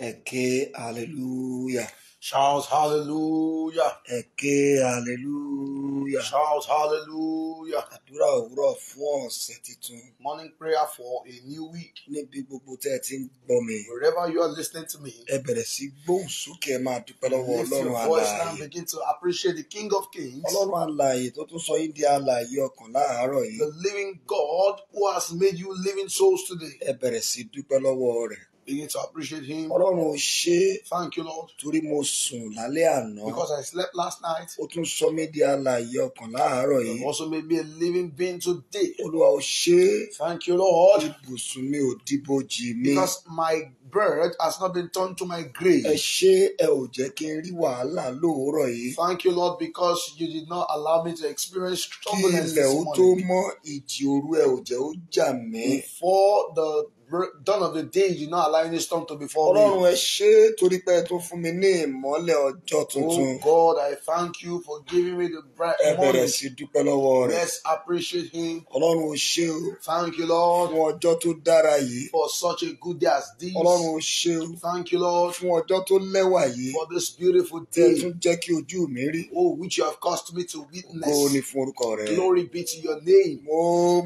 Eke, hallelujah. Shouts hallelujah. Eke, hallelujah. Shouts hallelujah. Àdúrà òwúrọ̀ fún ọ̀sẹ̀ titun. Morning prayer for a new week. Níbi gbogbo tẹ́ ẹ ti ń gbọ́ mi. Wherever you are listening to me. Ẹ bẹ̀rẹ̀ sí gbóhùn sókè máa dúpẹ́ lọ́wọ́ Ọlọ́run àlàyé. Lift your voice now and begin to appreciate the King of Kings. Ọlọ́run àlàyé tó tún sọ yín di àlàyé ọkàn láàárọ̀ yìí. The living God who has made you living souls today. Ẹ bẹ̀rẹ̀ sí dúpẹ́ lọ́wọ́ rẹ̀. begin to appreciate him. Ọlọ́run ò ṣe. Thank you Lord. Torí mo sùn lálẹ́ àná. Because I slept last night. Ó tún sọ mí di alààyè ọkàn láàárọ̀ yìí. You also made me a living being today. Olúwa ò ṣe. Thank you Lord. Ibùsùn mi ò dìbòjì mi. Because my bird has not been turned to my grave. Ẹ ṣé ẹ ò jẹ́ kí n rí wàhálà lóòrọ̀ yìí. Thank you Lord because you did not allow me to experience trouble this morning. Kí ilẹ̀ ó tó mọ́ ìjì òru ẹ ò jẹ́ ó jà mí. Before the dawn of the day you now allowing this storm to befall me. Oh God, I thank you for giving me the bright morning. e rẹ̀. Let's appreciate him. Thank you Lord. For such a good day as this. Thank you Lord. For this beautiful day. Oh, which you have caused me to witness. Glory be to your name. Mo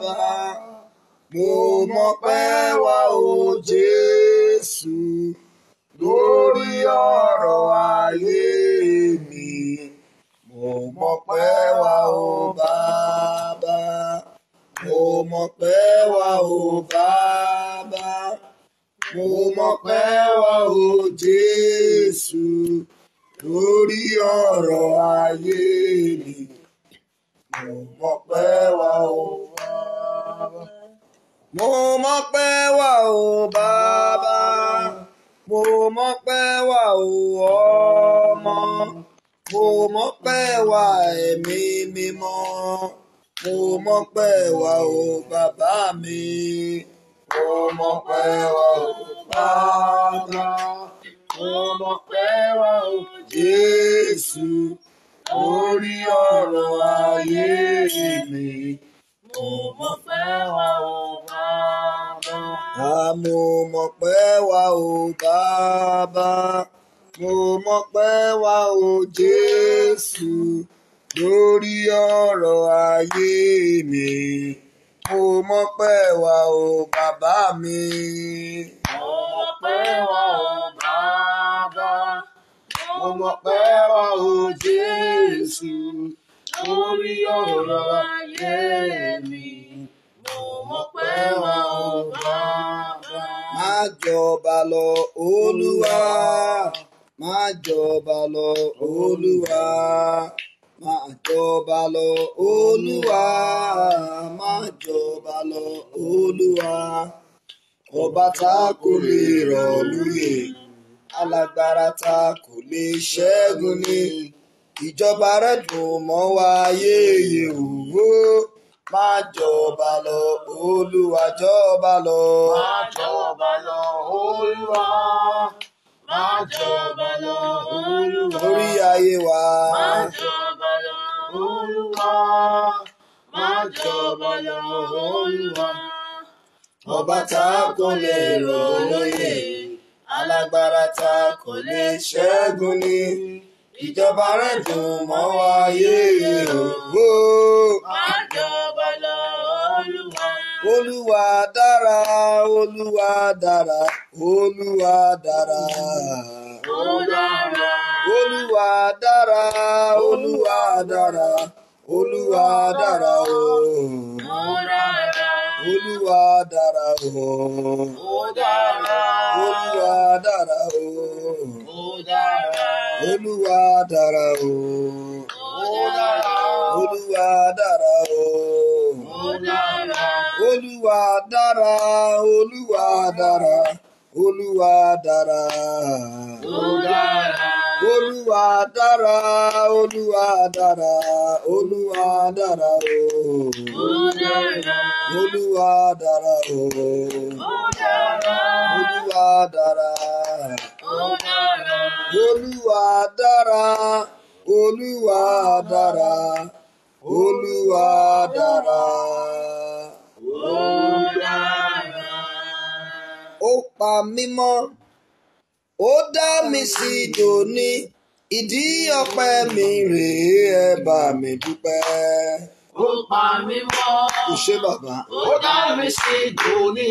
bàbá mo mọpẹ́ wá o Jésù lórí ọ̀rọ̀ ayé mi mo mọpẹ́ wá o bàbá mo mọpẹ́ wá o bàbá mo mọpẹ́ wá o Jésù lórí ọ̀rọ̀ ayé mi mo mọpẹ́ wá o bàbá. Mo mọpẹ́ wà o bàbá. Mo mọpẹ́ wà o ọmọ. Mo mọpẹ́ wà ẹ̀mí mímọ́. Mo mọpẹ́ wà o bàbá mi. Mo mọpẹ́ wà o bàbá. Mo mọpẹ́ wà o Jésù. Orí ọ̀rọ̀ ayé mi mo fẹ́ wa o bàbá. àmọ́ mo wa o bàbá. mo mọ pẹ́ wa o jésù lórí ọ̀rọ̀ ayé mi. mo mọ pẹ́ wa o bàbá mi. mo mọ pẹ́ wa o bàbá. mo mọ pẹ́ wa o jésù lórí ọ̀rọ̀ ayé mi mi mo mọ̀ pé wọn ò bá bá. má jọba lọ olúwa má jọba lọ olúwa má lọ olúwa má lọ olúwa ọba tá kò lè rọ̀ lóye alágbára tá kò lè ṣẹ́gun ni ìjọba rẹ mọ́ wa yéèyè òwò máa jọba lọ olúwa jọba lọ. máa jọba lọ olúwa máa jọba lọ olúwa. lórí ayé wa. máa jọba lọ olúwa máa jọba lọ olúwa. ọba tá a kò lè rọ̀ lóyè alágbára tá kò lè ṣẹ́gun ni ìjọba rẹ̀ dùn mọ́ wa yéé o. máa jọba lọ olúwa. olúwa dára olúwa dára olúwa dára. ó dára. olúwa dára olúwa dára olúwa dára o. ó dára. olúwa dára o. ó dára. olúwa dára o. ó dára. oluwa dára o olúwa dára o olúwa dára Oluwa dara olúwa dara. Oluwa dara oluwa dara. Oluwa dara o olúwa dára o olúwa O ó dára. Olúwa dára, Olúwa dára, Olúwa dára. Ó dára. Ó pa mí mọ́, ó dá mi sí dòní, ìdí ọpẹ́ mi rèé ẹ bá mi dúpẹ́ ó pa mí mọ́. Ó dá mi sí dòní.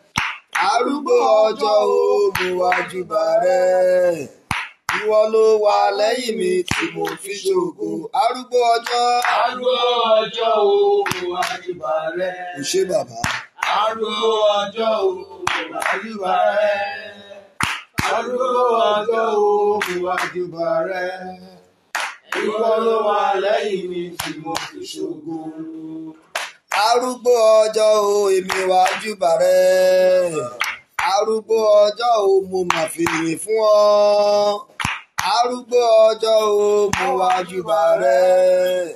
arúgbó ọjọ́ òògùn wájúbà rẹ̀ ìwọ ló wà lẹ́yìn mi tí mo fi ṣògo arúgbó ọjọ́. arúgbó ọjọ́ òògùn wájúbà rẹ̀. kò ṣe bàbá. arúgbó ọjọ́ òògùn wájúbà rẹ̀. arúgbó ọjọ́ òògùn wájúbà rẹ̀. ìwọ ló wà lẹ́yìn mi tí mo fi ṣògo arúgbó ọjọ́ o èmi wá júbà rẹ̀ arúgbó ọjọ́ o mo mà fìyìn fún ọ arúgbó ọjọ́ o mo wá júbà rẹ̀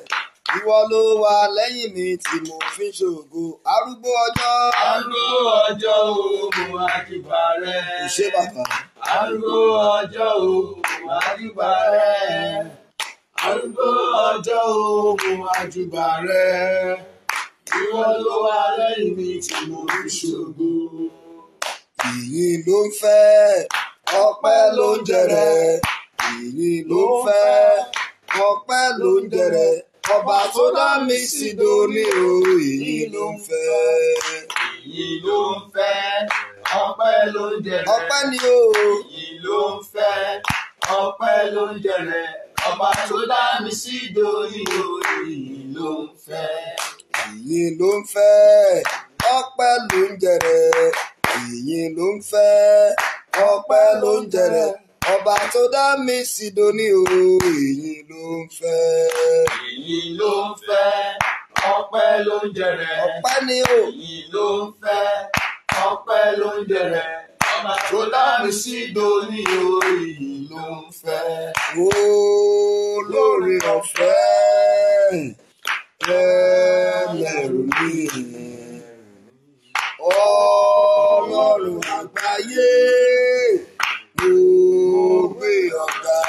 ìwọ ló wà lẹ́yìn mi tí mo fi ṣògo arúgbó ọjọ́. arúgbó ọjọ́ o mo àjùbà rẹ̀. kò ṣe bàbá. arúgbó ọjọ́ o mo àjùbà rẹ̀. arúgbó ọjọ́ o mo àjùbà rẹ̀ ìwọ ló wà lẹ́yìn mi tí mo fi ṣògo. ìyìn ló ń fẹ́ ọpẹ́ ló ń jẹrẹ ìyìn ló ń fẹ́ ọpẹ́ ló ń jẹrẹ ọba tó dá mi sí dòní o ìyìn ló ń fẹ́. ìyìn ló ń fẹ́ ọpẹ́ ló ń jẹrẹ ọpẹ́ ni o ìyìn ló ń fẹ́ ọpẹ́ ló ń jẹrẹ ọba tó dá mi sí dòní o ìyìn ló ń fẹ́ ìyìn ló ń fẹ́ ọpẹ́ ló ń jẹrẹ ìyìn ló ń fẹ́ ọpẹ́ ló ń jẹrẹ ọba tó dá mi sí doni o ìyìn ló ń fẹ́. ìyìn ló ń fẹ́ ọpẹ́ ló ń jẹrẹ ọpẹ́ ni o ìyìn ló ń fẹ́ ọpẹ́ ló ń jẹrẹ ọba tó dá mi sí doni o ìyìn ló ń fẹ́. ó lórí ọ̀fẹ́ ẹlẹ́rù mi. Ọlọ́run àgbáyé òwe ọ̀gá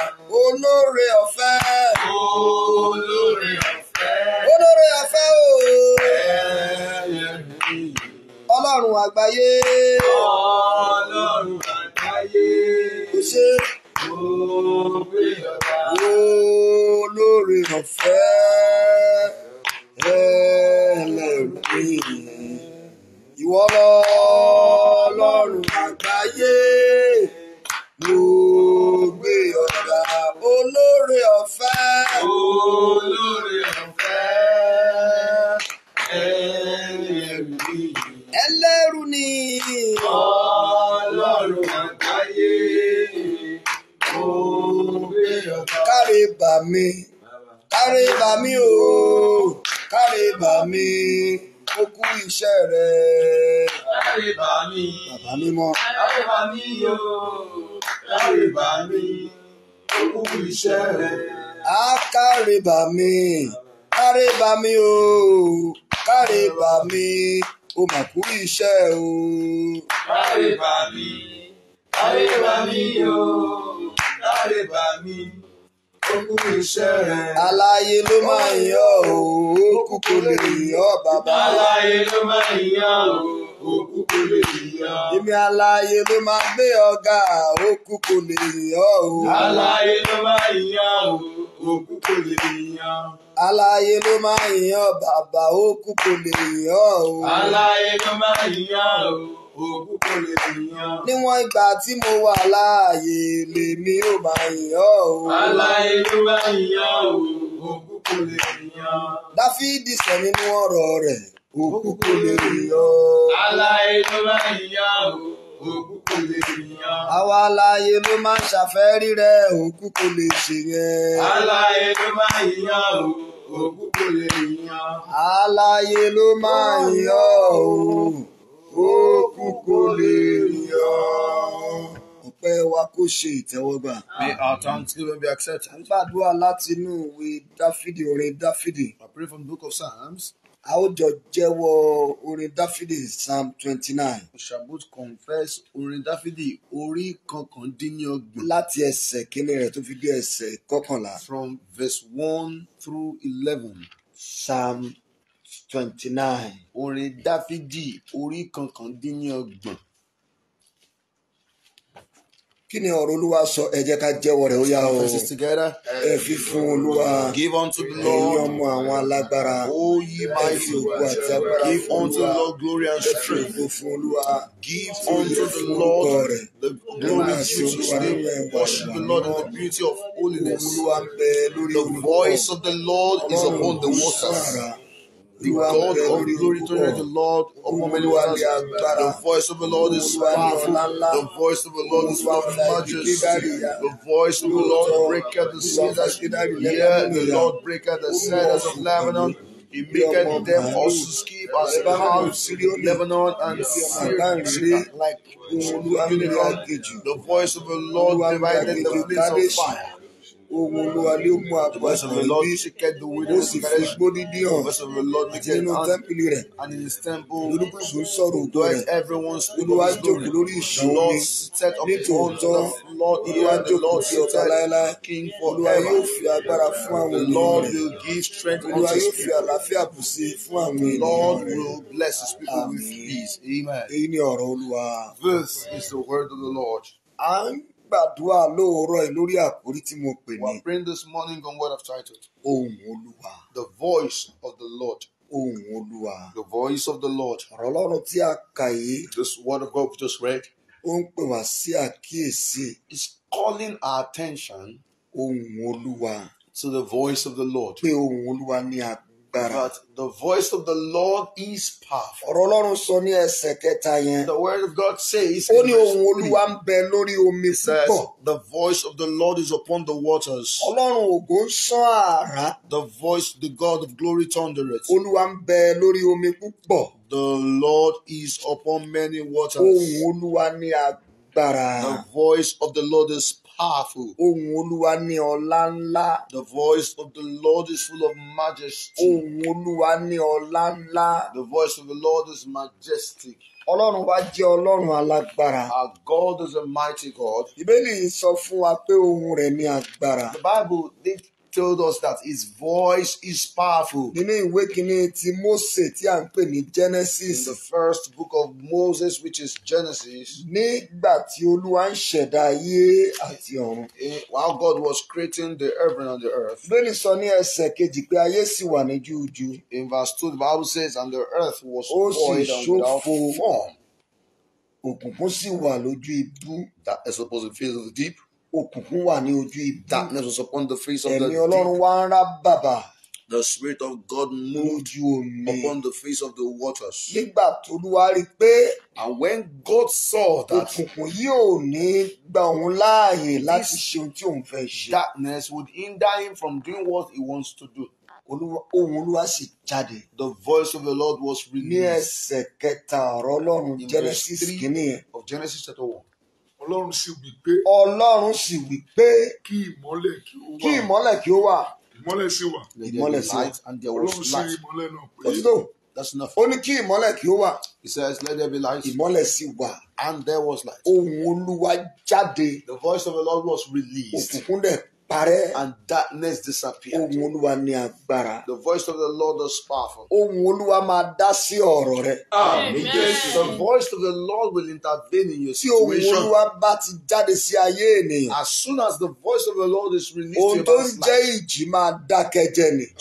olóore ọ̀fẹ́. Olóore ọ̀fẹ́. Olóore ọ̀fẹ́ o. Ọlọ́run àgbáyé. Ọlọ́run àgbáyé. Kò ṣe. Òwe ọ̀gá olóore ọ̀fẹ́. ìwọ lọ́lọ́run àgbáyé mo gbé ọ̀gá olóore ọ̀fẹ́. olóore ọ̀fẹ́ ẹlẹ́rú ni. ẹlẹ́rú ni. ọlọ́run àgbáyé mo gbé ọ̀gá. kárí bà mí kárí bà mí o kárí bà mí iṣẹ́ rẹ̀. Láyé bá mi. Bàbá mi mọ́. Láyé mi o. Láyé bá mi. Okú iṣẹ́ mi. Káre mi o. Káre bá mi. O mà kú iṣẹ́ o. Káre mi. Káre mi o. Káre bá mi. Aláyé ló máa ń yọ̀ o, òkú kò lè yọ̀ bàbá. Aláyé ló máa ń yọ̀ o, òkú kò lè yọ̀. Èmi aláyé ló máa gbé ọ̀gá, òkú kò lè yọ̀ o. Aláyé ló máa ń yọ̀ o, òkú kò lè yọ̀. Aláyé ló máa ń yọ̀ bàbá, òkú kò lè yọ̀ o. Aláyé ló máa ń yọ̀ o òkú kò lè yan. níwọ̀n ìgbà tí mo wà láàyè lèmi ò máa yìn o. aláyé ló bá yàn o òkú kò lè yan. dáfídì sọ nínú ọ̀rọ̀ rẹ̀ òkú kò lè yan. aláyé ló bá yàn o òkú kò lè yan. àwa aláyé ló máa ń ṣàfẹ́rí rẹ̀ òkú kò lè ṣe yẹn. aláyé ló bá yàn o òkú kò lè yan. aláyé ló máa yàn o òkú kò lè rìn ọ́. Ọpẹ́ wa kò ṣe ìtẹ́wọ́gbà. May our thanksgiving be accepted. Ń gbàdúrà láti inú ìwé Dáfídì orin Dáfídì. I pray from the book of Psalms. A ó jọ jẹ́wọ́ orin Dáfídì Psalm twenty-nine. We shall both confess orin Dáfídì orí kọkàndínlọ́gbọ̀n. Láti ẹsẹ̀ kínní rẹ̀ tó fi dé ẹsẹ̀ kọkànlá. From verse one through eleven. Psalm twenty nine orin dáfídì orí kankan Kí ni ọ̀rọ̀ Olúwa sọ? Ẹ ká jẹ́wọ́ rẹ̀ ó yá o. Ẹ fi fún Olúwa. Give unto the Lord. ọmọ àwọn alágbára. O ye my fi ògo àti agbára fún Olúwa. glory and strength. Ẹ fi ògo fún Olúwa. Give unto the Lord the glory due to his name. Worship the Lord in the beauty of holiness. The voice of the Lord is upon the waters. the God of glory tonight, the Lord of the voice of the Lord is powerful, the voice of the Lord is of the voice of the Lord breaketh the cedars, yeah, the Lord breaketh the cedars of Lebanon. He maketh them also skip as the calves in Lebanon and Syria like The voice of the Lord divided the place of fire ohun olúwa ni ó mú àpẹẹrẹ bí ó ṣe kẹdùn owó ó sì fi gbóni ní hàn àti nínú tẹ́ḿpìlì rẹ̀ olùkùsù sọ̀rọ̀ òtò rẹ̀ olúwa jókòó lórí ìṣòro mi nítòótọ́ olúwa jókòó sí ọ̀tá láéláé olúwa yóò fi agbára fún àwọn ènìyàn rẹ̀ olúwa yóò fi àlàáfíà bù sí fún àwọn ènìyàn rẹ̀ èyí ni han This is the word of the Lord. And gbàdúrà lóòrọ̀ yìí lórí àkórí tí mo pè ní. we are praying this morning on what I've titled. ohùn olúwa. the voice of the Lord. ohùn olúwa. the voice of the Lord. ọ̀rọ̀ ọlọ́run tí a kà yìí. this word of God we just read. ó ń pè wá sí àkíyèsí. is calling our attention. ohùn olúwa. to the voice of the Lord. pé ohùn olúwa ni a agbára. But the voice of the Lord is powerful. The word of God says. Ó ní The voice of the Lord is upon the waters. The voice the God of glory thundereth. Olúwa The Lord is upon many waters. The voice of the Lord is powerful. Olúwa ní ọlá ńlá. The voice of the Lord is full of majesty. Olúwa ní ọlá ńlá. The voice of the Lord is majestic. Ọlọ́run wa jẹ́ Ọlọ́run alágbára. Our God is a mighty God. sọ fún wa pé ohùn rẹ̀ ní agbára. The Bible told us that his voice is powerful. Nínú ìwé kìíní ti Mósè tí à ń pè ní Genesis. In the first book of Moses which is Genesis. Nígbà tí Olúwa ń ṣẹ̀dá ayé àti ọ̀run. While God was creating the heaven and the earth. Bẹ́ẹ̀ni sọ ní ẹsẹ̀ kejì pé ayé sì wà ní jújú. In verse two the Bible says and the earth was void and without form. Òkùnkùn sì wà lójú ibú. That is supposed to face of the deep òkùnkùn wà ní ojú ìdá. and was upon the face of the deep. ẹ̀mí ọlọ́run wá ń rá bàbà. The Spirit of God moved upon the face of the waters. Nígbà t'Olúwa rí pé. And when God saw that. Òkùnkùn yóò ní gba òun láàyè láti ṣe ohun tí òun fẹ́ ṣe. Darkness would hinder him from doing what he wants to do. Olúwa Olúwa sì jáde. The voice of the Lord was released. Ní ẹsẹ̀ kẹta ọ̀rọ̀ Ọlọ́run Genesis three Of Genesis chapter one ọlọ́run sì wí pé. ọlọ́run sì wí pé. kí ìmọ́lẹ̀ kí ó wà. kí ìmọ́lẹ̀ kí ó wà. ìmọ́lẹ̀ sì wà. ìmọ́lẹ̀ sì wà. ọlọ́run sì ìmọ́lẹ̀ náà pé. òtítọ́ ó ní kí ìmọ́lẹ̀ kí ó wà. he says let there be light. ìmọ́lẹ̀ sì wà. and there was light. ohùn olúwa jáde. the voice of the Lord was released. òkùnkùn dẹ̀ and darkness disappear. the voice of the lord is powerful. amen yes the voice of the lord will intervene in your situation. tí ohùn olúwa bá as soon as the voice of the lord is released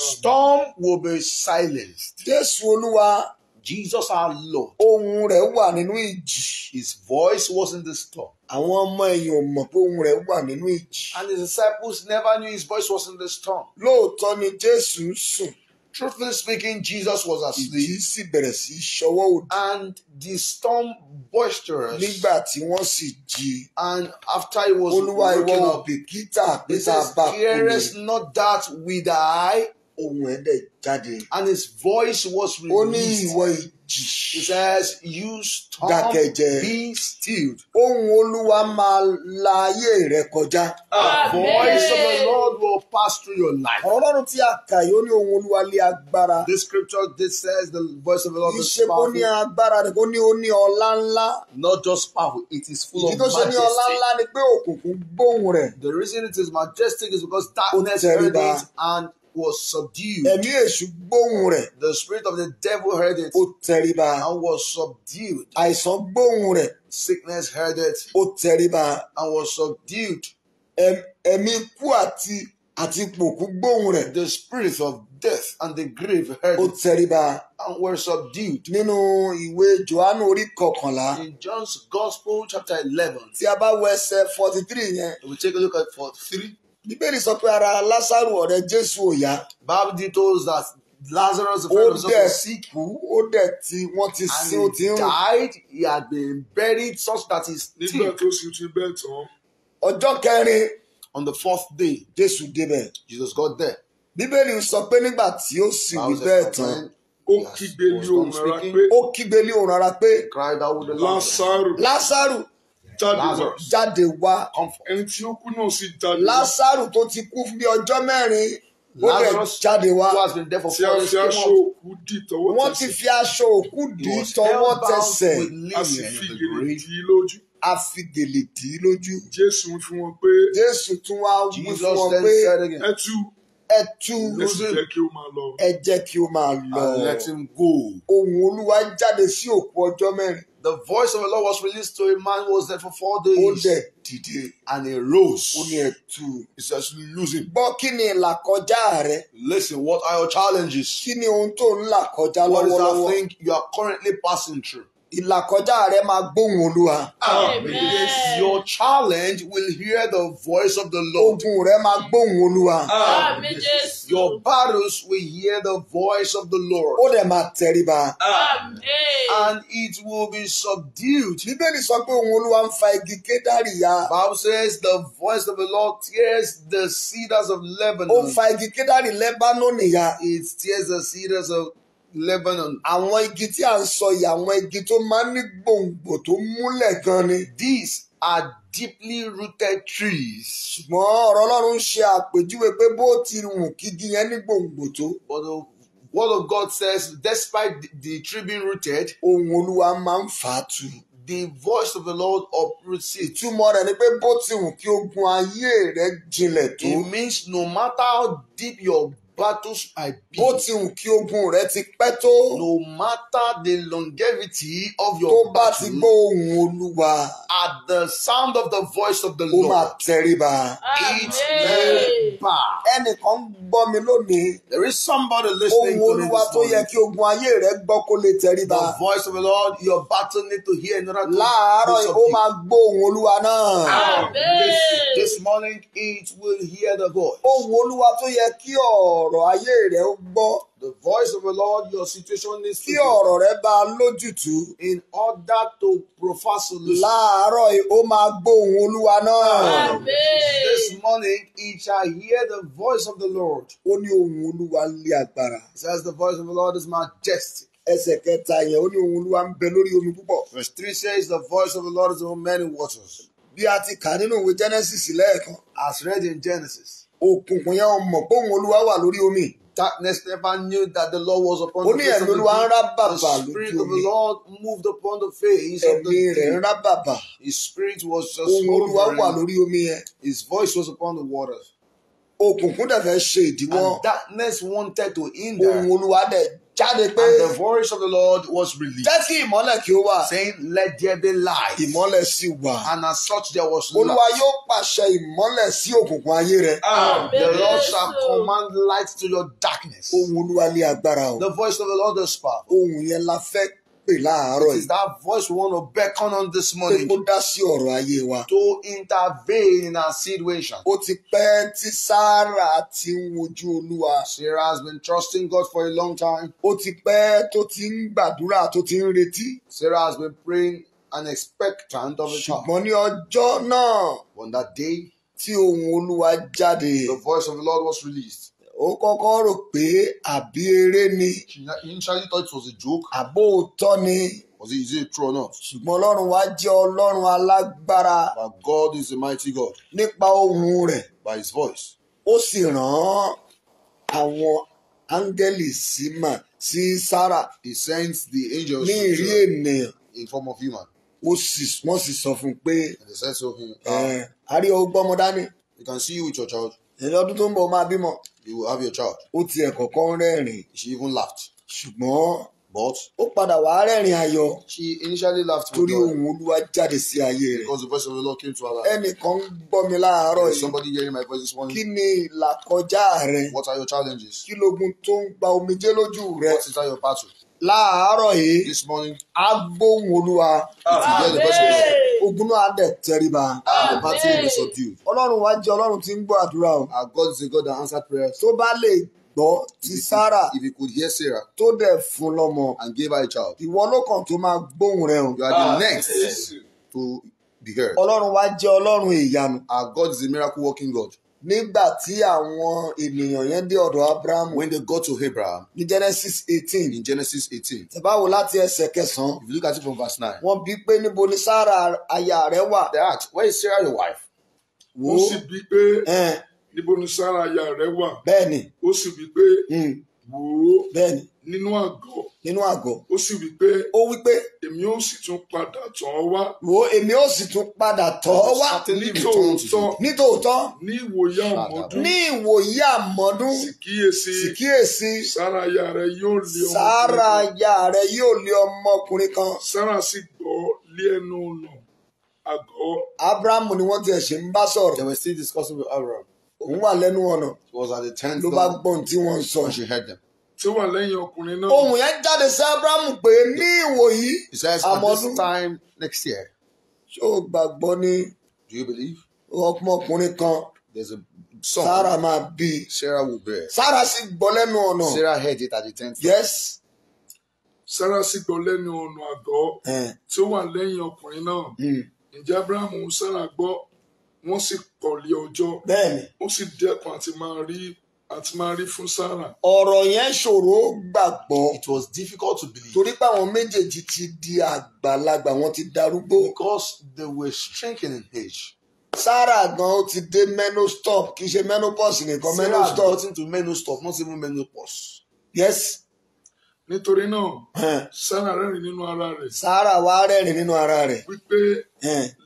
storm will be silenced. Jesus our Lord. Ohùn rẹ̀ wà nínú ìjì. His voice was in the storm. Àwọn ọmọ èèyàn mọ̀ pé ohùn rẹ̀ wà nínú ìjì. And his disciples never knew his voice was in the storm. Lóòótọ́ ni Jésù sùn. Truthfully speaking, Jesus was asleep. Ìjì sì bẹ̀rẹ̀ sí ṣọwọ́ òdì. And the storm boisterous. Nígbà tí wọ́n sì jí. And after he was woken up. Olúwa ìwọ òbí kítà pé bá kú ni. He says, hearest not that with our ohùn ẹ̀ jáde. and his voice was released. ó ní ìwọ ìjì. he says you storm dákẹ́jẹ́. be still. ohùn olúwa máa la ayé rẹ kọjá. the voice of the lord will pass through your life. ọlọ́run tí a kà yìí ní ohùn olúwa lé agbára. this scripture this says the voice of the lord is powerful. ìṣègùn ní agbára kó ní ó ní ọlá ńlá. not just powerful it is full of majesty. ìdí tó ọlá ńlá ni pé òkùnkùn gbóhùn rẹ̀. the reason it is majestic is because darkness heard it and was subdued. The spirit of the devil heard it. Ó tẹríba. And was subdued. I gbóhùn Sickness heard it. Ó tẹríba. And was subdued. The spirit of death and the grave heard. Ó tẹríba. And were subdued. In John's Gospel chapter eleven. Tí a bá forty-three We take a look at forty-three. bíbélì sọ pé ara lásàrò ọ̀rẹ́ jésù ò yá. bible details that lazarus the friend of jesus was sick. ó dẹ̀ kú ó dẹ̀ tí wọ́n ti sin ó ti ń. and he died he had been buried such that his teeth. nígbà tó sì ti bẹ́ẹ̀ tán. ọjọ́ kẹrin. on the fourth day. jésù débẹ̀. jesus got there. bíbélì sọ pé nígbà tí ó sì wí bẹ́ẹ̀ tán ó kígbe ní òun rárá pé ó kígbe ní òun rárá pé lásàrù lásàrù Lazarus jáde wá. ẹni tí ó kú náà sì jáde wá. Lásàrù tó ti kú bí ọjọ́ mẹ́rin ó lè jáde wá. tí a fi aṣọ òkú dì tọwọ́ tẹsẹ̀. wọ́n ti fi aṣọ òkú dì tọwọ́ tẹsẹ̀. a sì fi gèlè dì í lójú a fi gèlè dì í lójú. Jésù wí wọn pé. Jésù tún wá wí fún wọn pé ẹ ẹ tú ẹ jẹ́ kí ó máa lọ. ẹ jẹ́ kí ó máa lọ. and Olúwa jáde sí òkú ọjọ́ mẹ́rin. The voice of the Lord was released to a man who was there for four days. And he rose. Ó ní ẹ̀tù. He says, lose Listen, what are your challenges? tó What is that thing you are currently passing through? ìlàkọjá Yes, your challenge will hear the voice of the Lord. Ogun Yes, your battles will hear the voice of the Lord. Ó And it will be subdued. Bible says the voice of the Lord tears the cedars of Lebanon. It tears the cedars of Lebanon àwọn igi tí a ń sọ yìí àwọn igi tó máa ń ní gbòǹgbò tó múlẹ̀ gan ni these are deeply rooted trees. ṣùgbọ́n ọ̀rọ̀ Ọlọ́run ṣe àpèjúwe pé bó ti wù kígi yẹn ní gbòǹgbò tó. but the word of God says despite the, tree being rooted. ohùn Olúwa máa ń fà á tu the voice of the Lord uproots it. Ìtumọ̀ rẹ̀ ni pé bó ti wù kí ogun ayé rẹ̀ jinlẹ̀ tó. It means no matter how deep your battles I beat. Bó ti hùn kí ogun rẹ ti pẹ́ tó. No matter the longevity of your battle. Tó bá ti gbọ́ ohùn Olúwa. At the sound of the voice of the Lord. Ó máa tẹríba. It will bow. Ẹnìkan gbọ́ mi lónìí. There is somebody listening to me this morning. Ohùn Olúwa tó yẹ kí ogun ayé rẹ gbọ́ kó lè tẹríba. The voice of the Lord your battle need to hear another. order Láàárọ̀ ó máa gbọ́ ohùn Olúwa náà. This morning it will hear the voice. Ohùn Olúwa tó yẹ kí ọ̀rọ̀ ọ̀rọ̀ ayé rẹ̀ ó gbọ́. The voice of the Lord, your situation needs to be. Kí ọ̀rọ̀ rẹ bá a lójútùú. In order to profess solution. Láàárọ̀ ó máa gbóhùn Olúwa náà. This morning he shall hear the voice of the Lord. Ó ní ohùn Olúwa lé agbára. He says the voice of the Lord is majestic. Ẹsẹ̀ kẹta yẹn, ó ní ohùn Olúwa ń bẹ lórí omi púpọ̀. Verse three says the voice of the Lord is over many waters. Bí a ti kà nínú ìwé Genesis lẹ́ẹ̀kan. As read in Genesis òkùnkùn yẹn mọ̀ pé òun olúwa wà lórí omi. Darkness never knew that the Lord was upon the face of the deep. The spirit of the Lord moved upon the face of the deep. His spirit was just over him. His voice was upon the waters. And darkness wanted to hinder. jáde pé. and the voice of the Lord was released. jẹ́ ìmọ́lẹ̀ kí ó wà. saying let there be light. ìmọ́lẹ̀ sì wà. and as such there was light. olúwa yóò pàṣẹ ìmọ́lẹ̀ sí òkùnkùn ayé rẹ. the Lord shall command light to your darkness. ohùn olúwa ní agbára o. the voice of the Lord is power. ohùn yẹn la fẹ́ pè láàárọ̀ yìí. it is that voice we want to beckon on this morning. pé kó dá sí ọ̀rọ̀ ayé wa. to intervene in our situation. ó ti pẹ́ tí Sárà ti ń wojú Olúwa. Sarah has been trusting God for a long time. ó ti pẹ́ tó ti ń gbàdúrà tó ti ń retí. Sarah has been praying and expectant of a child. ṣùgbọ́n ní ọjọ́ náà. on that day. tí ohùn Olúwa jáde. the voice of the Lord was released ó kọ́kọ́ rò pé àbí eré ni. initially thought it was a joke. àbóòtọ́ ni. Was it, is it true or not? Ṣùgbọ́n Ọlọ́run wa jẹ́ Ọlọ́run alágbára. But God is a mighty God. Nípa ohùn rẹ̀. By his voice. Ó sì rán àwọn áńgẹ́lì símà sí Sarah. He sends the angels. Ní ìrí In form of human. Ó sì wọ́n sì sọ fún un pé. And they said so him. Ẹ Ari ọgbọ́n ọmọ dání. You can see you with your child. Ìlọ́dún tó ń bọ̀ máa bímọ you will have your child. ó tiẹ̀ kọ̀ọ̀kan rẹ́rìn. she even laughed. ṣùgbọ́n but. ó padà wá rẹ́rìn ayọ̀. she initially laughed torí ohùn olúwa jáde sí ayé rẹ̀. because the voice of the Lord came to her. ẹnìkan gbọ́ mi láàárọ̀ yìí. somebody hearing my voice this morning. kí ni ìlàkọjá rẹ. what are your challenges. kí tó ń gba omijé lójú rẹ. what is that your battle. láàárọ̀ yìí. this morning. a olúwa. it's the voice of the Lord ogun náà á dẹ̀ tẹríba and the battle will be subdued. ọlọ́run wa jẹ́ ọlọ́run tí ń gbọ́ àdúrà o. our God is a God that answered prayer. tó bá lè gbọ́ ti Sarah. if you could hear Sarah. tó dẹ̀ fún lọ́mọ. and gave her a child. ìwọ ló kàn tó máa gbóhùn rẹ o. you are the ah, next to be heard. ọlọ́run wa jẹ́ ọlọ́run ìyanu. our God is a miracle working God nígbà tí àwọn ènìyàn yẹn dé ọ̀dọ̀ abraham. when they go to abraham. ní genesis eighteen. in genesis eighteen. tẹ̀báwo láti ẹsẹ̀ kẹsàn-án. if you look at it from verse nine. wọ́n bí pé níbo ni sarah aya rẹ wà. they asked where is sarah your wife. wo ó sì bí pé níbo ni sarah aya rẹ wà. bẹ́ẹ̀ni. ó sì bí pé. Hmm wò ó. bẹ́ẹ̀ni. nínú àgọ́. nínú àgọ́. ó sì wí pé. ó wí pé. èmi ó sì tún padà tọ̀ ọ́ wá. wò èmi ó sì tún padà tọ̀ ọ́ wá. nítòótọ́. nítòótọ́. ní ìwòye àmọ́dún. ní ìwòye àmọ́dún. sì kíyèsí. sára aya rẹ yóò lé ọmọkùnrin sára aya rẹ yóò lé ọmọkùnrin kan. sára sì gbọ́ lé ẹnu ọ̀nà àgọ́. abrahamu ni wọ́n ti ẹ̀ ṣe ń bá sọ̀rọ̀. they were still discussing with abraham òun wà lẹ́nu ọ̀nà ló bá gbọ́n tí wọ́n ń sọ tí wà lẹ́yìn ọkùnrin náà. ohun yẹn jáde sí abrahamu pé ní ìwòyí àmọ́dún. this time next year. ṣé o gbàgbọ́ ní. do you believe. ọmọkùnrin kan. there's a song. sarah máa bí. sarah will bear. sarah sì gbọ́ lẹ́nu ọ̀nà. sarah heard it at the tenth. yes. sarah sì gbọ́ lẹ́nu ọ̀nà àgọ́ tí ó wà lẹ́yìn ọkùnrin náà. Hmm. ǹjẹ́ abrahamu sarah gbọ́ wọ́n sì kọ̀lé ọjọ́. bẹ́ẹ̀ni. ó sì dẹ́kun àti máa rí àti máa rí fún Sárà. ọ̀rọ̀ yẹn ṣòro gbàgbọ́. it was difficult to believe. torí pé àwọn méjèèjì ti di àgbàlagbà wọn ti darúgbó. because they were shrinking in age. Sárà gan ó ti dé menopause kì í ṣe menopause nìkan menopause. Sarah got into menopause not even menopause. yes nítorí náà sara rẹ́rìn nínú ara rẹ̀. sara wa rẹ́rìn nínú ara rẹ̀. wípé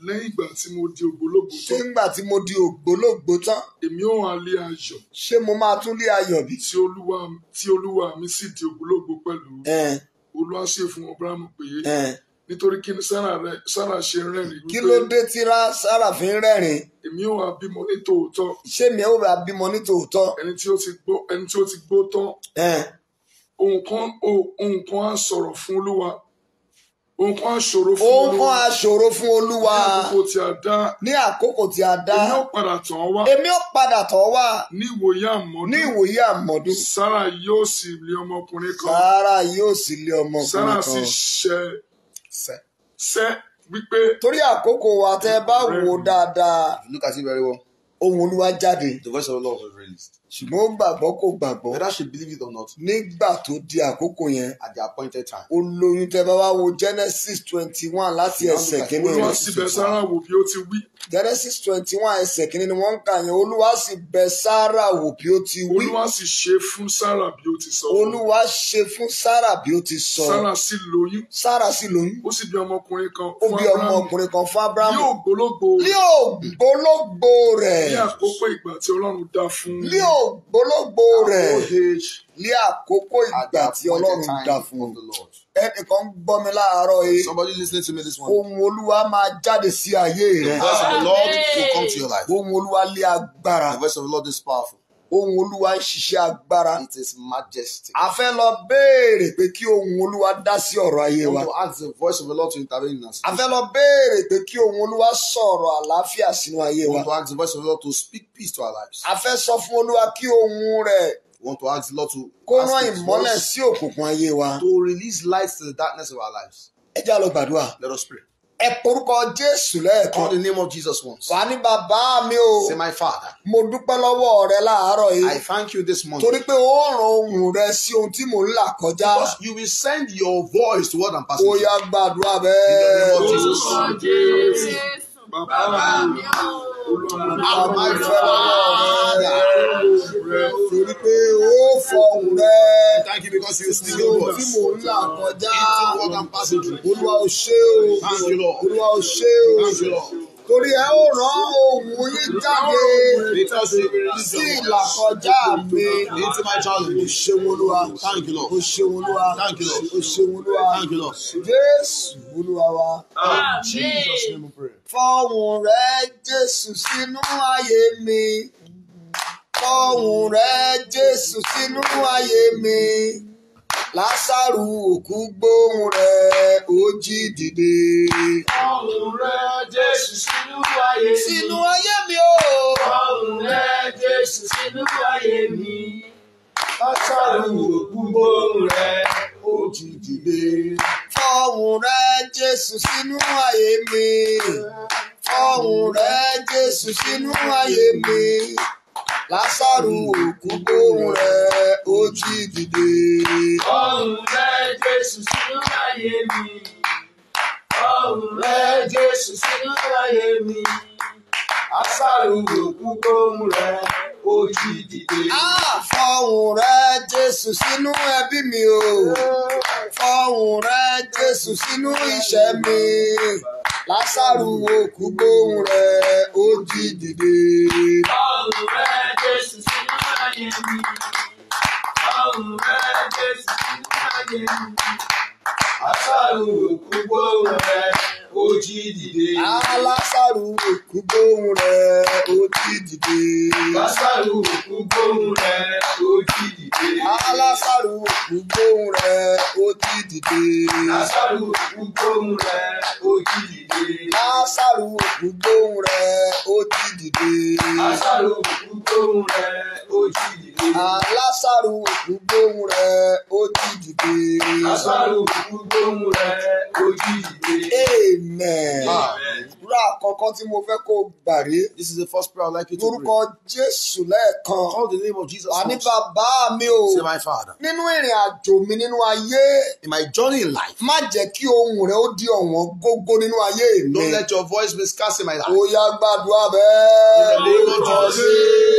lẹ́yìn ìgbà tí mo di ògbólógbò tán. ṣé ńgbà tí mo di ògbólógbò tán. èmi ò hàn lé ayọ̀. ṣé mo máa tún lé ayọ̀ bí. tí olúwa tí olúwa mi sì di ògbólógbò pẹ̀lú. olúwa ṣe fún abrahamu pé nítorí kí ni sara ṣe rẹ́rìn. kí ló dé tí sara fi ń rẹ́rìn èmi ò wá bímọ ní tòótọ́. ṣé mi ò wá bímọ ní tòótọ́. ẹni tí ó ti gbó tán nǹkan nǹkan á sọ̀rọ̀ fún olúwa nǹkan aṣòro fún olúwa nǹkan aṣòro fún olúwa ní àkókò tí a dá èmi ó padà tọ̀ wá èmi ó padà tọ̀ wá ní ìwòye àmọ́dún ní ìwòye àmọ́dún Sárà yóò sì lé ọmọkùnrin kan Sárà yóò sì lé ọmọkùnrin kan Sárà sì ṣe ṣe ṣe wípé torí àkókò wa tẹ́ bá wò dáadáa ohùn olúwa jáde the voice of the Lord was released ṣùgbọ́n gbàgbọ́ kò gbàgbọ́. whether she believe it or not. nígbà tó di àkókò yẹn. at the appointed time. olóyún tẹ bá wá wo Genesis twenty one láti ẹsẹ̀ kínní. olúwa sì bẹ̀ Sárà wò bí ó ti wí. Genesis twenty one ẹsẹ̀ kínní ni wọ́n ń kà yẹn olúwa sì bẹ̀ Sárà wò bí ó ti wí. olúwa sì ṣe fún Sárà bí ó ti sọ. olúwa ṣe fún Sárà bí ó ti sọ. Sárà sì lóyún. Sárà sì lóyún. ó sì bí ọmọkùnrin kan fún Abrahamu. ó bí ọmọkùnrin kan fún Abrahamu. yóò gbólógbòó. yóò gbólógbòó rẹ̀. ní àkókò ìgbà tí Ọlọ́run dá fún. yóò olóògbó rẹ̀ ní àkókò ìgbà tí Ọlọ́run dá fún un. Ẹnìkan gbọ́ mi láàárọ̀ yìí. Somebody listening to this morning. Ohun Olúwa máa jáde sí ayé rẹ̀. The voice of the Lord will come to your life. Ohun Olúwa lé agbára. The voice of the Lord is powerful ohun olúwa ń ṣiṣẹ́ agbára. it is majesty. a fẹ́ lọ béèrè pé kí ohun olúwa dá sí ọ̀rọ̀ ayé wa. to ask the voice of the Lord to intervene in us. a fẹ́ lọ béèrè pé kí ohun olúwa sọ̀rọ̀ àlàáfíà sínú ayé wa. to ask the voice of the Lord to speak peace to our lives. a fẹ́ sọ fún olúwa kí ohun rẹ̀. want to ask the Lord to. kó rán ìmọ́lẹ̀ sí òkùnkùn ayé wa. to release light to the darkness of our lives. ẹ jẹ́ á gbàdúrà. let us pray. Ẹ Jésù lẹ́ẹ̀kan. Call the name of Jesus once. Wà ní bàbá mi o. Say my father. Mo dúpẹ́ lọ́wọ́ rẹ láàárọ̀ yìí. I thank you this morning. Torí pé ó ràn ohùn rẹ sí ohun tí mò ń là kọjá. Because you will send your voice to Word and am passing. gbàdúrà bẹ́ẹ̀. In the name of Jesus. Bàbá mi Àwọn máa ń fẹ́ lọ́wọ́ rẹ. Torí pé ó fọhùn rẹ. thank you because you still know us. Tí mò ń là kọjá. Into work and pass it through. Olúwa ò ṣé o. Thank you Lord. Olúwa ò ṣé o. Thank you Lord. Torí ẹ ó rán òun yín jáde sí ìlàkọjá mi. Into my childhood. O ṣeun Olúwa. Thank you Lord. O ṣeun Olúwa. Thank you Lord. O ṣeun Olúwa. Thank you Lord. Jésù Olúwa wa. Amen. Ah, Jesus name we pray. Fọ̀hùn rẹ̀ Jésù sínú ayé mi fọhùn rẹ Jésù sínú ayé mi lásàrù òkú gbóhùn rẹ ó jí dìde. fọhùn rẹ Jésù sínú ayé mi. sínú ayé mi o. fọhùn rẹ Jésù sínú ayé mi. lásàrù òkú gbóhùn rẹ ó jí dìde. fọhùn rẹ Jésù sínú ayé mi. fọhùn rẹ Jésù sínú ayé mi lásàrù òkú gbóhùn rẹ̀ ó jí dìde. ọ̀hún jésù sínú ayé mi. ọ̀hún rẹ̀ jésù sínú ayé mi. lásàrù òkú gbóhùn rẹ̀ ó jí dìde. fọ̀hún jésù sínú ẹbí mi o. fọ̀hún rẹ̀ jésù sínú iṣẹ́ mi lásàrù òkú gbóhùn rẹ̀ ó jí dìde. ọ̀rùn rẹ̀ jésù sínú ayé mi. ọ̀rùn rẹ̀ jésù sínú ayé mi. lásàrù òkú gbóhùn rẹ̀ ti dìde. alásàrù òkú gbóhùn rẹ̀ ó ti dìde. alásàrù òkú gbóhùn rẹ̀ ó ti dìde. alásàrù òkú gbóhùn rẹ̀ ó ti dìde. alásàrù òkú gbóhùn rẹ̀ ó ti dìde. alásàrù òkú gbóhùn rẹ̀ ó ti dìde. alásàrù òkú gbóhùn rẹ̀ ó jí dìde. alásàrò òkú gbóhùn rẹ̀ ó jí dìde. alásàrò òkú gbóhùn rẹ̀ ó jí dìde. amen. àdúrà àkọ́kọ́ tí mo fẹ́ kó gbàrí. this is the first prayer I like you to pray. lórúkọ Jésù lẹ́ẹ̀kan. call the name of Jesus. àní bàbá mi o. say my father. nínú ìrìn àjò mi nínú ayé. in my journey in life. má jẹ́ kí ohùn rẹ̀ ó di ọ̀wọ́n gógó nínú ayé mi. don't let your voice be scarce in my life. ó gbàdúrà bẹ́ẹ̀. in the name of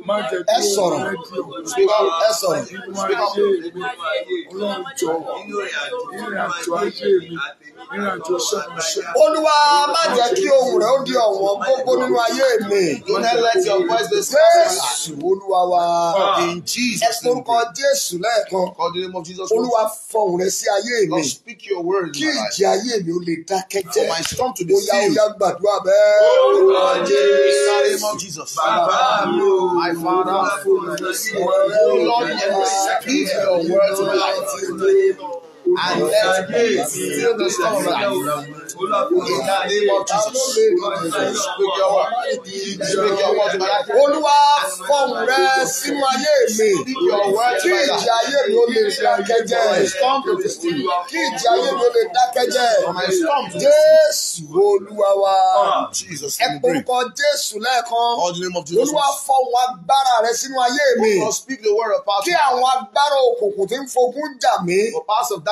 ẹ sọ̀rọ̀ ẹ sọ̀rọ̀ olúwa má jẹ́ kí ohùn rẹ̀ ó di ọ̀wọ́n gbogbo nínú ayé mi. jésù olúwa wa ẹ forúkọ jésù lẹ́ẹ̀kan olúwa fọhùn rẹ̀ sí ayé mi kí ìjì ayé mi ó lè dákẹ́ jẹ́ bóyá ó yá gbàdúrà bẹ́ẹ̀. olúwa jésù bàbá mi Father, fullness of your Lord, and receive your word to life. and let peace fill the storm in the name of Jesus. Speak your word. Speak your word to my life. Olúwa fọ̀hún rẹ sínú ayé mi. Kí ìjì ayé mi ó lè dákẹ́ jẹ́. Kí ìjì ayé mi ó lè dákẹ́ jẹ́. Jésù Olúwa wa. Ẹ porúkọ Jésù lẹ́ẹ̀kan. Olúwa fọ̀hún agbára rẹ sínú ayé mi. Kí àwọn agbára òkùnkùn tí ń fogun jà mí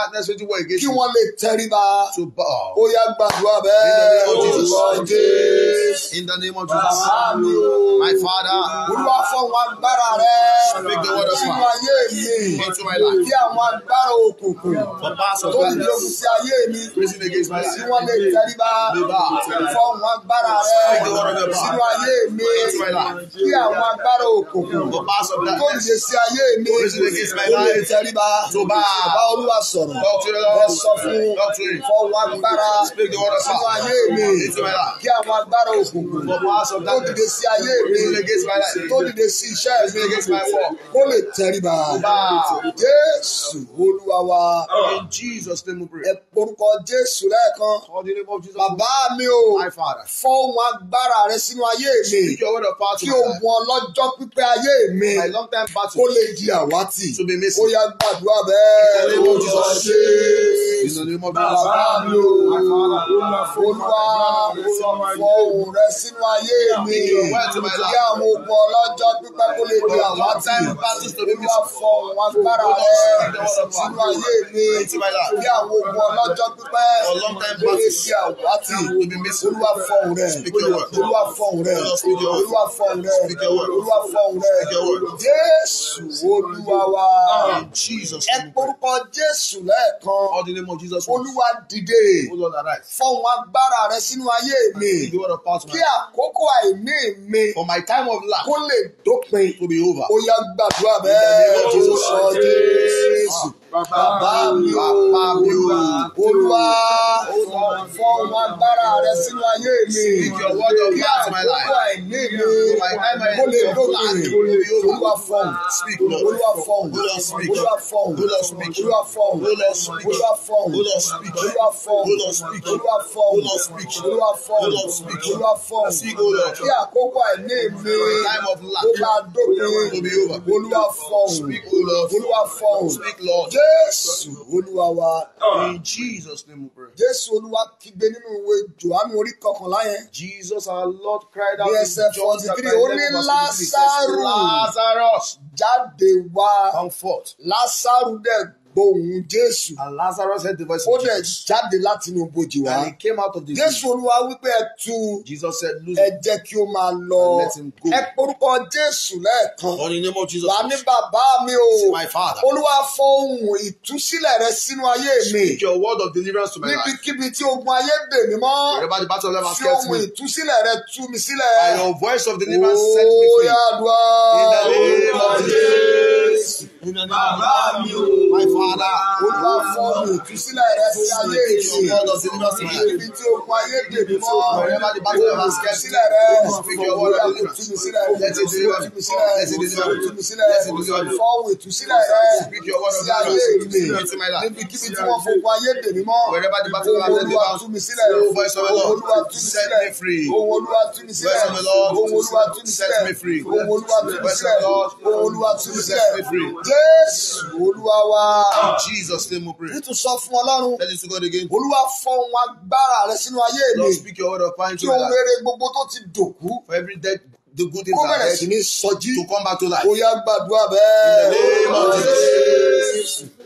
darkness into war against kí wọ́n lè tẹríba. to ó yá gbàdúrà bẹ́ẹ̀. in the name of Jesus. Oh, Jesus. in Amen. my father. olúwa fọ agbára rẹ. speak the word sínú ayé mi. into my life. kí àwọn agbára òkùnkùn. for pass of darkness. tó ń jogun sí ayé mi. kí wọ́n lè tẹríba. fọ wọn agbára rẹ. sínú ayé mi. kí àwọn agbára òkùnkùn. for pass of darkness. tó ń jẹ sí ayé mi. prison lè tẹríba. to bow. bá olúwa sọ̀rọ̀. Doctrine. Doctrine. Fọwọ́ agbára. Speak the word of God. Sínú mi. Kí àwọn agbára òkùnkùn. Tó dìde mi. Tó dìde sí iṣẹ́ mi. Kó oh. In Jesus name we pray. Ẹ orúkọ Jésù mi o. Fọwọ́ di àwátì. Ó yá gbàdúrà bẹ́ẹ̀. Jesus, in ṣe. Bàbá mi ò olúwa fọ òun rẹ sínú ayé mi. Kí àwọn ogun ọlọ́jọ́ pípẹ́ kó lè di àwọn tẹ́lẹ̀. Olúwa fọ òun agbára rẹ sínú ayé mi. Kí àwọn ogun ọlọ́jọ́ pípẹ́ kó lè di àwọn àti. Olúwa fọ òun rẹ. Olúwa fọ òun rẹ. Olúwa fọ òun rẹ. Olúwa fọ òun rẹ. Jésù Olúwa wa. Ẹ porúkọ Jésù lẹ́ lẹ́ẹ̀kan. all the name of Jesus Christ. olúwa dìde. olúwa arise. fọ̀hùn agbára rẹ sínú ayé mi. the word of power tonight. kí àkókò àìní mi. for my time of life. kó lè dópin. to be over. ó yá gbàdúrà bẹ́ẹ̀. in the name Bàbá mi ò Olúwa fọ́ wọn agbára rẹ sínú ayé mi. Kí àkókò àìní mi kó lè dókè. Olúwa fọ́n. Olúwa fọ́n. Olúwa fọ́n. Olúwa fọ́n. Olúwa fọ́n. Olúwa fọ́n. Olúwa fọ́n. Olúwa fọ́n. Olúwa fọ́n. Kí àkókò àìní mi kó bá dókè. Olúwa fọ́n. Olúwa fọ́n. Jésù Olúwa wa in Jesus name we pray. Jésù Olúwa kígbe nínú ìwé Jòhánù orí kọkànlá yẹn. Jesus our Lord cried out yes, in John chapter eleven verse twenty-six. ní Lazarus jáde wá. Comfort. Lazarus dẹ̀ gbọ́ Jésù. And Lazarus heard the voice of Jesus. Ó dẹ̀ jáde láti inú bojì wá. And he came out of the grave. Jésù Olúwa wípé ẹ tú. Jesus said lose him. Ẹ jẹ́ kí ó máa lọ. And let him go. Ẹ porúkọ Jésù lẹ́ẹ̀kan. Lord in the name of Jesus. Wà ní bàbá mi o. See my father. Olúwa fọ ohùn ìtúsílẹ̀ rẹ sínú ayé mi. Speak your word of deliverance to my life. Níbikíbi tí ogun ayé bè mí mọ́. Wherever the battle of life has kept me. Fi ohùn ìtúsílẹ̀ rẹ tú mi sílẹ̀. By your voice of deliverance set me free. Ó yá àdúrà. In the name of Jesus. Bàbá mi ò. My father. Olúwa fọ mi ìtúsílẹ̀ rẹ sí ayé ìṣe. Ibi tí o kọ ayé dèbí mọ́. Ìtúsílẹ̀ rẹ. Olúwa ìtúsílẹ̀ rẹ. Ìtúsílẹ̀ rẹ. Ìtúsílẹ̀ rẹ. Fọ́wọ́ ìtúsílẹ̀ rẹ sí ayé ìṣe. Níbi kíbi tí wọ́n fọwọ́ ayé dèbí mọ́. Olúwa tú mi sílẹ̀. Olúwa tú mi sílẹ̀. Ohun Olúwa tú mi sílẹ̀. Ohun Olúwa tú mi sílẹ̀. Ohun Olúwa tú mi sílẹ̀. Ohun Olúwa tú mi sílẹ̀. Jésù Olúwa wa. In Jesus name we pray. Nítorí sọ fún Ọlọ́run. Tell him God again. Olúwa fọ ohun agbára rẹ sínú ayé mi. Lord speak your word of power into my life. Kí ohun rere gbogbo tó ti dòkú. For every dead the good things that are to come back to life. Ó yá gbàdúrà bẹ́ẹ̀. In the name of Jesus.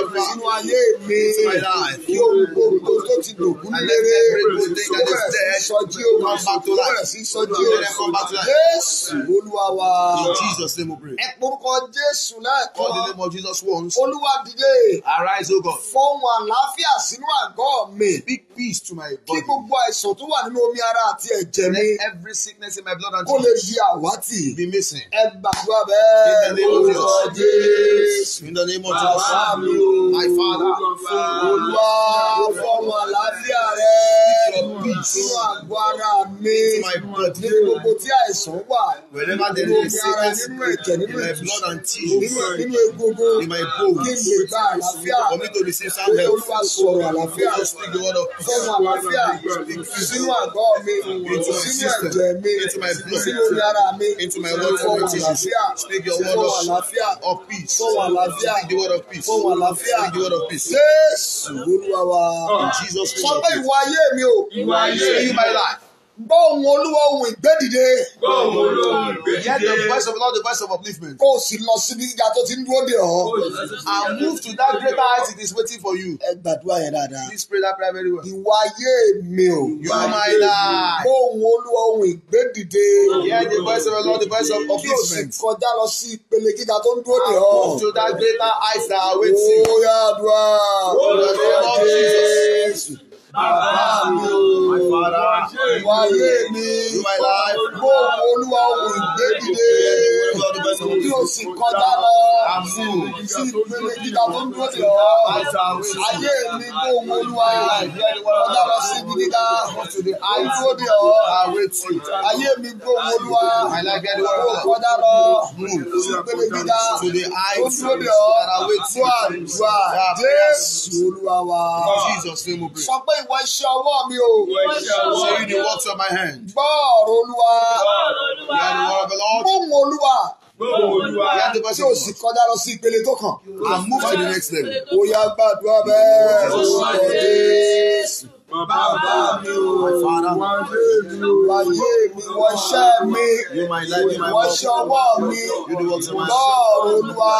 Ọba sínú ayé mi kí gbogbo àìsàn tó wà nínú omi ara àti ẹ̀jẹ̀ mi. Kó lè di àwátì. Ẹ gbàdúrà bẹ́ẹ̀. Olúwa Jésù. Àwa My father, Olúwa fọmọ àlàáfíà rẹ̀ fún àgọ́ ara mi ní gbogbo tí àìsàn wà nínú omi ara nínú ẹ̀jẹ̀ nínú ìtúsùn nínú egungun kí n lè gba àlàáfíà Olúwa sọ̀rọ̀ àlàáfíà fọmọ àlàáfíà sínú àgọ́ mi sínú ẹ̀jẹ̀ mi sínú omi ara mi fọmọ àlàáfíà fọmọ àlàáfíà fọmọ àlàáfíà fọmọ àlàáfíà àlàáfíà Jésù Olúwa wa ah. in Jesus name. sọ pé ìwà ayé mi o ìwà ayé mi my life. Gbóhùn olúwa ohun ìgbédìde. Gbóhùn olúwa ohun ìgbédìde. Hear the voice of the Lord, the voice of upliftment. Kó o sì lọ síbi gíga tó ti ń dúró dè ọ́. And move to that greater height it is waiting for you. Ẹ gbàdúrà yẹn dáadáa. Please pray that prayer very well. Ìwà ayé mi o. Ìwà ayé mi. Gbóhùn olúwa ohun ìgbédìde. Hear the voice of the Lord, the voice of upliftment. Kí o sì kọjá lọ sí ìpele gíga tó ń dúró dè ọ́. Move to that greater height that are waiting. Ó yá àdúrà. Ó yá àdúrà bàbá mi ìwà ayé mi bó olúwa òun gbé dìde bí o sì kọjá lọ sí ìpele gíga tó ń dúró sí ọ ayé mi bó olúwa kọjá lọ sí ibi gíga dúró dé ọ ayé mi bó olúwa kọjá lọ sí ìpele gíga tó dúró dé ọ tó àdúrà Jésù olúwa wa sọ pé ìwọ iṣẹ́ ọwọ́ mi o. So you the works of my hand. Bọ́ọ̀rù Olúwa. Gbóhùn Olúwa. Tí o sì kọjá lọ sí ìpele tó kàn. And move to the next level. Ó yá gbàdúrà bẹ́ẹ̀. Ó sọ̀rọ̀ Jésù. Bàbá mi o, wọ́n lé mi o, wáyé mi, wọ́n ṣẹ́ mi, wọ́n ṣọwọ́ mi, lọ́ọ̀rù olúwa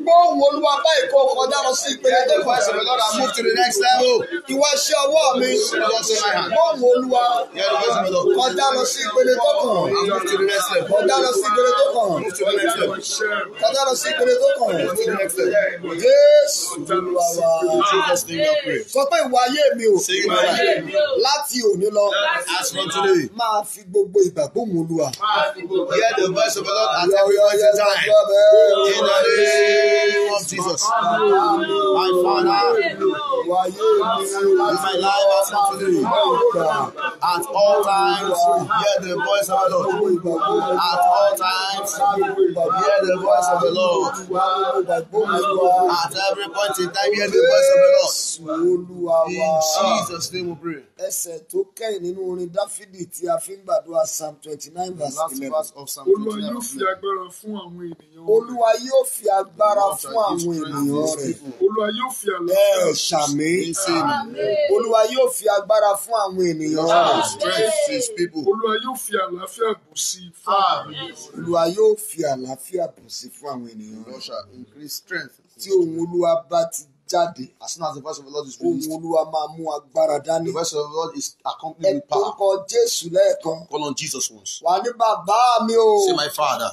gbóhùn olúwa báyìí kó kọjá lọ sí ìpele tó fà ẹsẹ̀ lọ́dọ̀ I move to the next level. Ìwọ ṣe ọwọ́ mi. Gbóhùn olúwa kọjá lọ sí ìpele tó kàn. Kọjá lọ sí ìpele tó kàn. Kọjá lọ sí ìpele tó kàn. Jésù olúwa wa. Sọ pé ìwà ìwà ayé mi o láti òní lọ máa fi gbogbo ìgbà gbóhùn Olúwa. Hear the voice of the Lord at every present time. In the name of Jesus. My Father, my life has come today. At all times, hear the voice of the Lord. At all times, hear the voice of the Lord. At every point in time, hear the voice of the Lord. In ah. Jesus' name we pray. Ẹsẹ̀ tó kẹ́yìn nínú orin Dáfídì tí a fi ń gbàdúrà Psalm twenty-nine verse eleven. Olúwa yóò fi agbára fún àwọn ènìyàn rẹ̀. Olúwa yóò fi agbára fún àwọn ènìyàn rẹ̀. Olúwa yóò fi àlàáfíà. Ẹ ṣàmì. Olúwa yóò fi agbára fún àwọn ènìyàn rẹ̀. Olúwa yóò fi àlàáfíà bù sí i fún àwọn ènìyàn rẹ̀. Olúwa yóò fi àlàáfíà bù sí i fún àwọn ènìyàn rẹ̀. Tí ohun Olúwa bá ti jáde. as soon as the voice of the Lord is released. ohùn olúwa máa mú agbára dání. the voice of the Lord is accompanied with power. ẹ tó kọ jésù lẹ́ẹ̀kan. call on Jesus once. wà ní bàbá mi o. say my father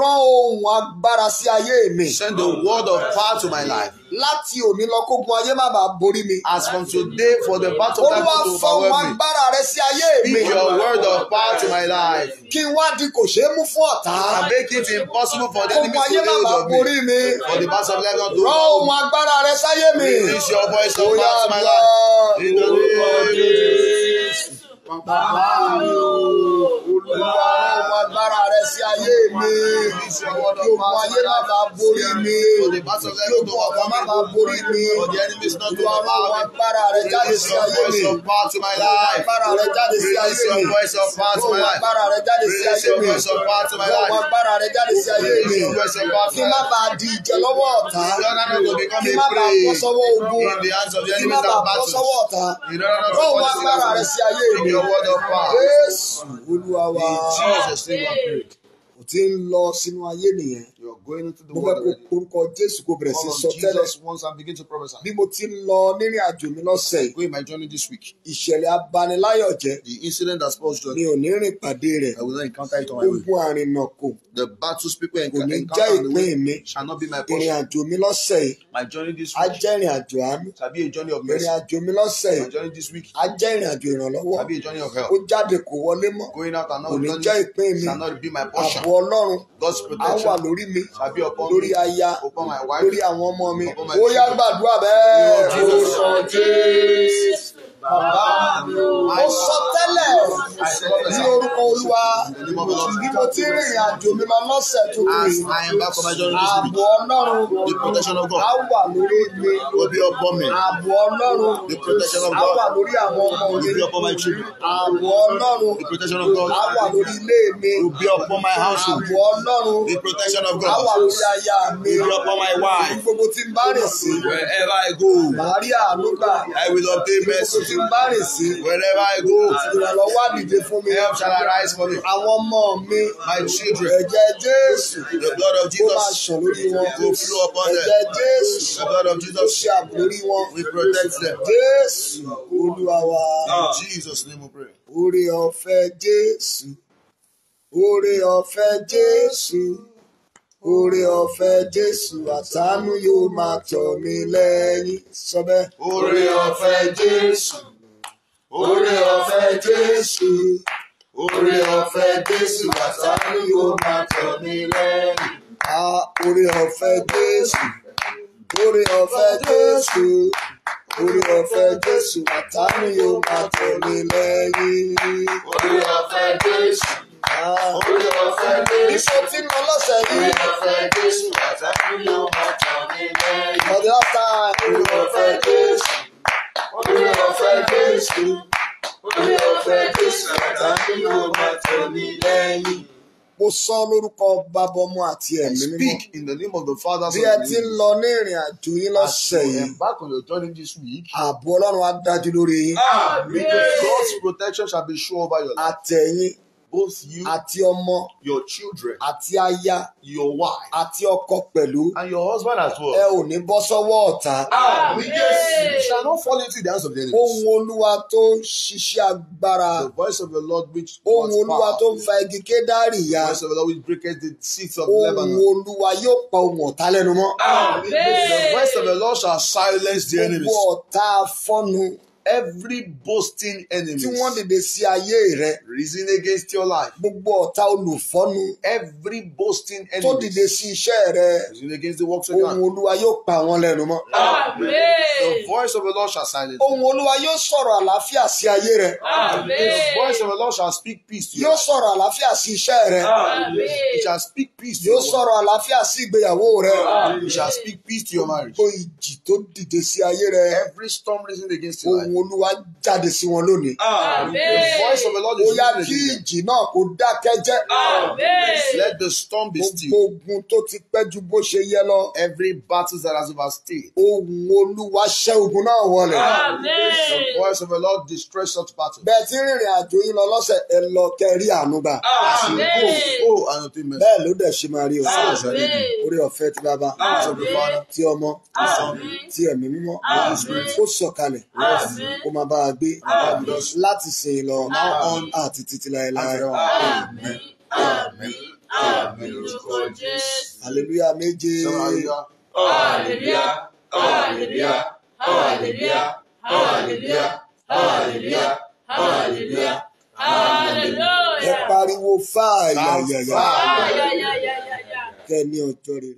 rán ohun agbára sí ayé mi. send the word of power to my life. láti òní lọ kógun ayé má bàa borí mi. as from today for the battle of life to overwhelm me. olúwa fọ agbára rẹ sí ayé mi. speak your word of power to my life. kí n wá di kò ṣeé mú fún ọ̀tá. and make it impossible for the enemy to lay hold of me. for the battle of life not to rán ohun agbára rẹ sáyé mi. release your voice of power to my life. in the name of Jesus bàbá mi o olúwa ọmọ agbára rẹ sí ayé mi kí o mọ ayé má bá borí mi kí o mọ ọ̀gá má bá borí mi olúwa ọmọ agbára rẹ jáde sí ayé mi agbára rẹ jáde sí ayé mi olúwa agbára rẹ jáde sí ayé mi olúwa agbára rẹ jáde sí ayé mi kí má bá di ìjẹ lọ́wọ́ ọ̀tá kí má bá bọ́ sọ́wọ́ ogun kí má bá bọ́ sọ́wọ́ ọ̀tá lọ́wọ́ agbára rẹ sí ayé mi your word Jesus power. Jésù Olúwa wa. In Jesus name I pray. Kò tí ń lọ sínú ayé nìyẹn going into the world already. orúkọ Jésù kò bẹ̀rẹ̀ sí sọ tẹ́lẹ̀. Jesus once and begin to prophesy. bí mo ti lọ nírìn àjò mi lọ́sẹ̀ my journey this week. ìṣẹ̀lẹ̀ abaniláyọ̀ jẹ́. the incident that spoils joy. mi ò ní rìn pàdé rẹ̀. I will not encounter it on my way. the battles people encounter on kò ní jẹ́ ìpín mi. not be my portion. ìrìn àjò mi lọ́sẹ̀ yìí. my journey this week. a ìrìn àjò àánú. journey of mercy. ìrìn àjò mi lọ́sẹ̀ yìí. my journey this week. a ìrìn àjò ìrànlọ́wọ́. journey of help. ó jáde kò wọlé mọ́. not returning. kò ní jẹ́ ìpín mi. shall my portion. àbò Ọlọ́run. God's lórí mi lórí aya lórí àwọn ọmọ mi ó yá gbàdúrà bẹ́ẹ̀. Mo sọ tẹ́lẹ̀ ní orúkọ Olúwa bí mo ti rìnrìn àjò mi máa lọ́sẹ̀ tó kù yìí. Ààbò Ọlọ́run á wà lórí mi. Ààbò Ọlọ́run á wà lórí àwọn ọmọ mi. Ààbò Ọlọ́run á wà lórí ilé mi. Ààbò Ọlọ́run á wà lórí aya mi. Gbogbo tí n bá rìn sí. Màá rí àánú gbà. Gbogbo tí tí bá rìn sí. wherever I go. ìrànlọ́wọ́ àdìde fún mi. help shall arise for me. àwọn ọmọ mi. my children. ẹ̀jẹ̀ Jésù. the blood of Jesus. ó máa ṣàn lórí wọn. go flow upon them. ẹ̀jẹ̀ Jésù. the blood of Jesus. ó ṣe ààbò lórí wọn. we protect them. Jésù Olúwa in Jesus name we pray. oore ọ̀fẹ́ Jésù. oore ọ̀fẹ́ Jésù. Oore ọ̀fẹ́ Jésù àtàánú yóò máa tọ̀ mí lẹ́yìn. Sọ bẹ́ẹ̀. Oore ọ̀fẹ́ Jésù. Oore ọ̀fẹ́ Jésù. Oore ọ̀fẹ́ Jésù àtàánú yóò máa tọ̀ mí lẹ́yìn. A oore ọ̀fẹ́ Jésù. Oore ọ̀fẹ́ Jésù. Oore ọ̀fẹ́ Jésù àtàánú yóò máa tọ̀ mí lẹ́yìn. Oore ọ̀fẹ́ Jésù. Iṣẹ́ tí mo lọ́sẹ̀ yìí. For the last time. Olùwọ̀fẹ́ Jésù. Olùwọ̀fẹ́ Jésù. Olùwọ̀fẹ́ Jésù àtàkì ló máa tọ̀ mí lẹ́yìn. Mo sọ lórúkọ bàbá ọmọ àti ẹ̀mí mímọ́. Speak in the name of the Father. Bí ẹ ti ń lọ ní ìrìn àjò yín lọ́sẹ̀ yìí. Back on your journey this week. Ààbò Ọlọ́run á dájú lórí yín. God's protection shall be sure over your life. Àtẹ̀yìn both you. Àti ọmọ. Your children. Àti aya. Your wife. Àti ọkọ pẹ̀lú. And your husband as well. Ẹ ò ní bọ́ sọ́wọ́ ọ̀tá. Àmín Jésù. You shall not fall into the hands of the enemy. Ohùn Olúwa tó ń ṣiṣẹ́ agbára. The voice of the Lord which was power. Ohùn Olúwa tó ń fa igi kédárì ya. The voice of the Lord which breaks the seats of Lebanon. Ohùn Olúwa yóò pa ohùn ọ̀tá lẹ́nu mọ́. Àmín. The voice of the Lord shall silence the enemies. Gbogbo ọ̀tá fọ́nu every boasting enemy. tí wọ́n dìde sí ayé rẹ. reason against your life. gbogbo ọ̀tá olùfọ́nu. every boasting enemy. tó dìde sí iṣẹ́ rẹ. reason against the works of God. ohùn olúwa yóò pa wọ́n lẹ́nu mọ́. amen. the voice of the Lord shall silence. ohùn olúwa yóò sọ̀rọ̀ àlàáfíà sí ayé rẹ. amen. the voice of the Lord shall speak peace to you. yóò sọ̀rọ̀ àlàáfíà sí iṣẹ́ rẹ. amen. it shall speak peace to you. yóò sọ̀rọ̀ àlàáfíà sí ìgbéyàwó rẹ. amen. it shall speak peace to your marriage. gbogbo ìjì tó dìde sí ayé rẹ. every storm reason against your life ohùn olúwa jáde sí wọn lónìí. ó yá kí ìjì náà kó dákẹ́ jẹ́. let the storm be still. gbogbo ogun tó ti pẹ́ ju bó ṣe yẹ lọ. every battle that has overstayed. ohùn olúwa ṣẹ́ ogun náà wọlé. the voice of the lord destroys such battles. bẹ́ẹ̀ tí rìnrìn àjò yín lọ lọ́sẹ̀ ẹ lọ kẹrí àánú gbà. Oh, oh, bẹ́ẹ̀ ló dẹ̀ ṣe máa rí o. orí ọ̀fẹ́ ti bàbá ti ọmọ ti ẹ̀mí mímọ́ ó sọ̀kalẹ̀ kó máa bá a gbé láti sìn lọ àti títí láéláé. Àmín. Àmín. Hallelujah méje. Ẹ pariwo fáyà yàyà. Fáyà yàyà yàyà. ní ọjọ́ rere.